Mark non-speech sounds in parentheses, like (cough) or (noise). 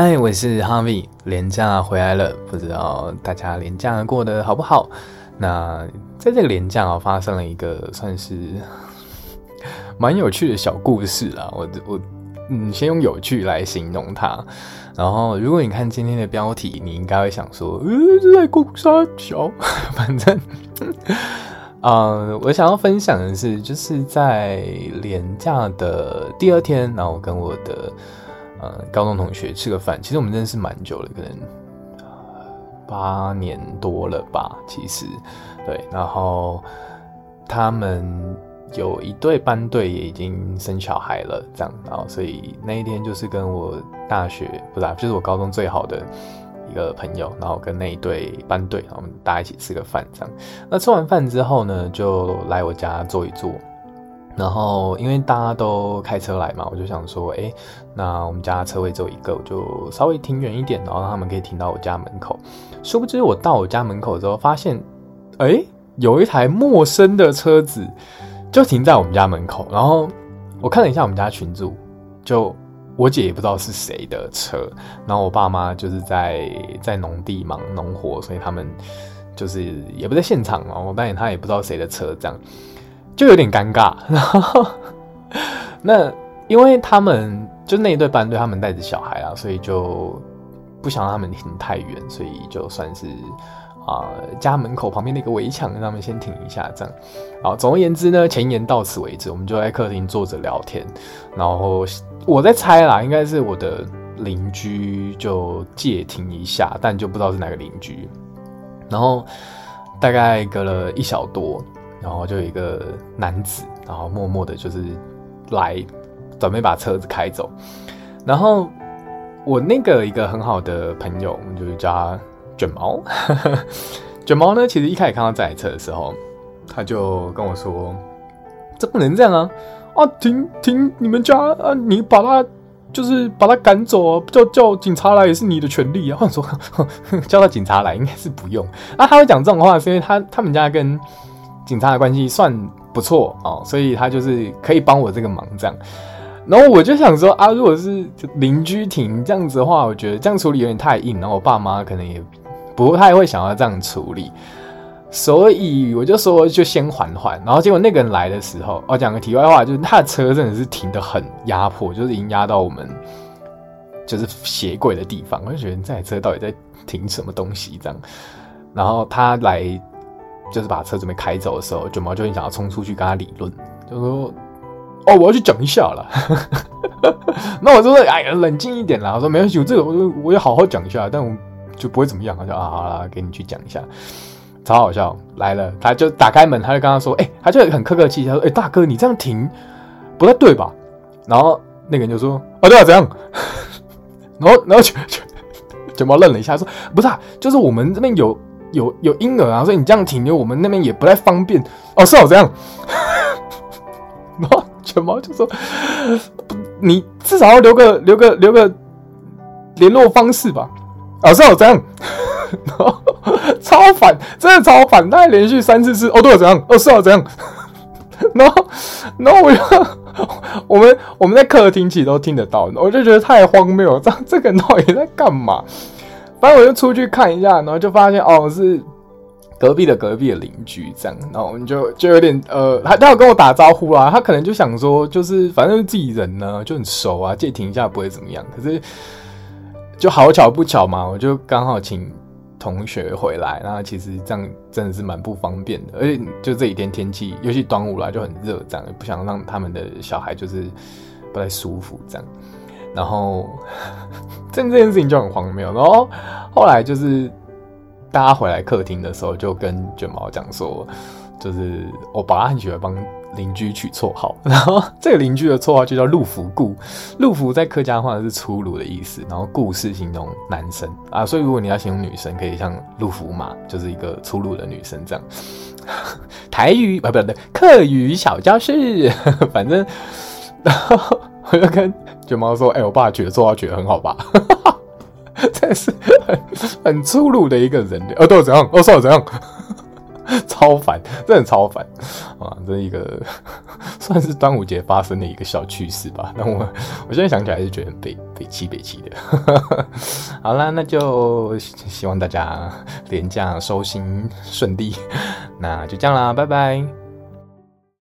嗨，我是 Harvie。連假回來了，不知道大家連假過得好不好？那在這個連假、哦、發生了一個算是蠻 (laughs) 有趣的小故事啦。我我嗯，先用有趣來形容它。然後，如果你看今天的標題，你應該會想說：“在供三小。”反正， (laughs) 呃，我想要分享的是，就是在連假的第二天，那我跟我的。呃、嗯，高中同學吃個飯。其實我們認識蠻久了，可能八年多了吧。其實，對，然後他們有一對班對也已經生小孩了，這樣，然後所以那一天就是跟我大學不是、啊，就是我高中最好的一個朋友，然後跟那一對班對，然後我們大家一起吃個飯，這樣。那吃完飯之後呢，就來我家坐一坐。然後因為大家都開車來嘛，我就想說，哎，那我們家車位只有一個，我就稍微停遠一點，然後讓他們可以停到我家門口。殊不知我到我家門口之後，發現，哎，有一台陌生的車子就停在我們家門口。然後我看了一下我們家群組，就我姐也不知道是誰的車。然後我爸媽就是在在農地忙農活，所以他們就是也不在現場嘛。我發現他也不知道誰的車，這樣。就有點尷尬，然後那因為他們就那一對班對，他們帶着小孩啊，所以就不想讓他們停太遠，所以就算是啊、呃、家門口旁邊那個圍牆，讓他們先停一下，這樣。好，總而言之呢，前言到此為止，我們就在客廳坐着聊天，然後我在猜啦，應該是我的鄰居就借停一下，但就不知道是哪個鄰居，然後大概隔了一小多。然後就有一個男子，然後默默的就是來準備把車子開走。然後我那個一個很好的朋友，我們就是叫他捲毛。 (laughs) 捲毛呢，其實一開始看到這台車的時候，他就跟我說：“這不能這樣啊！啊，停停！你們家啊，你把他就是把他趕走啊！叫叫警察來也是你的權利啊！”我說：“叫到警察來應該是不用。”啊，他會講這種話，是因為他他們家跟。警察的關係算不錯哦，所以他就是可以幫我這個忙這樣。然後我就想說啊，如果是鄰居停這樣子的話，我覺得這樣處理有點太硬，然後我爸媽可能也不太會想要這樣處理。所以我就說就先緩緩。然後結果那個人來的時候，我、哦、講個題外話，就是他的車真的是停得很壓迫，就是已經壓到我們就是鞋櫃的地方，我就覺得這台車到底在停什麼東西這樣。然後他來。就是把車準備開走的時候，捲毛就很想要衝出去跟他理論，就說：“哦，我要去講一下了。 (laughs) ”那我就說哎呀，冷靜一點啦。我說：“沒關係，我這個，我就我要好好講一下，但我就不會怎麼樣。”他就：“啊，好啦給你去講一下，超好笑。”來了，他就打開門，他就跟他說：“哎、欸，他就很客客氣氣他說：‘哎、欸，大哥，你這樣停不太對吧？’”然後那個人就說：“哦，對啊，怎樣？” (laughs) 然後，然後捲就。捲毛愣了一下，他說：“不是、啊，就是我們這邊有。”有有嬰兒啊，所以你這樣停留，我們那邊也不太方便。哦，是哦、啊，這樣， (laughs) 然後卷毛就說，你至少要留個留個留個聯絡方式吧。哦、啊，是哦，這樣， (laughs) 然後超煩，真的超煩，大概連續三四次。哦，對，這樣？哦，是哦、啊，這樣 (laughs) 然？然後然後我就，我們我們在客廳其實都聽得到，我就覺得太荒謬了，這樣這個人到底在幹嘛？反正我就出去看一下，然後就發現哦，是隔壁的隔壁的鄰居這樣，然後我們就就有點呃，他他有跟我打招呼啦，他可能就想說，就是反正自己人呢、啊，就很熟啊，借停一下不會怎麼樣。可是就好巧不巧嘛，我就剛好請同學回來，然後其實這樣真的是蠻不方便的，而且就這幾天天氣，尤其端午啦就很熱，這樣也不想讓他們的小孩就是不太舒服這樣。然後，這件事情就很荒謬。然後後來就是大家回來客廳的時候，就跟捲毛講說，就是我、哦、爸爸很喜歡幫鄰居取綽號。然後這個鄰居的綽號就叫碌福固」。碌福在客家的話是粗魯的意思，然後固是」形容男生啊，所以如果你要形容女生，可以像碌福馬，就是一個粗魯的女生這樣。台語啊，不對，客語小教室，反正，然後。我 (laughs) 要跟卷毛說：“哎、欸，我爸覺得做他覺得很好吧？這 (laughs) 是很很粗魯的一個人。哦，對，怎樣？哦，算了，怎樣？ (laughs) 超煩，真的超煩啊！這是一個算是端午節發生的一個小趣事吧。那我我現在想起來，還是覺得很北、北七北七的。 (laughs) 好啦，那就希望大家連假收心順利。那就這樣啦，拜拜。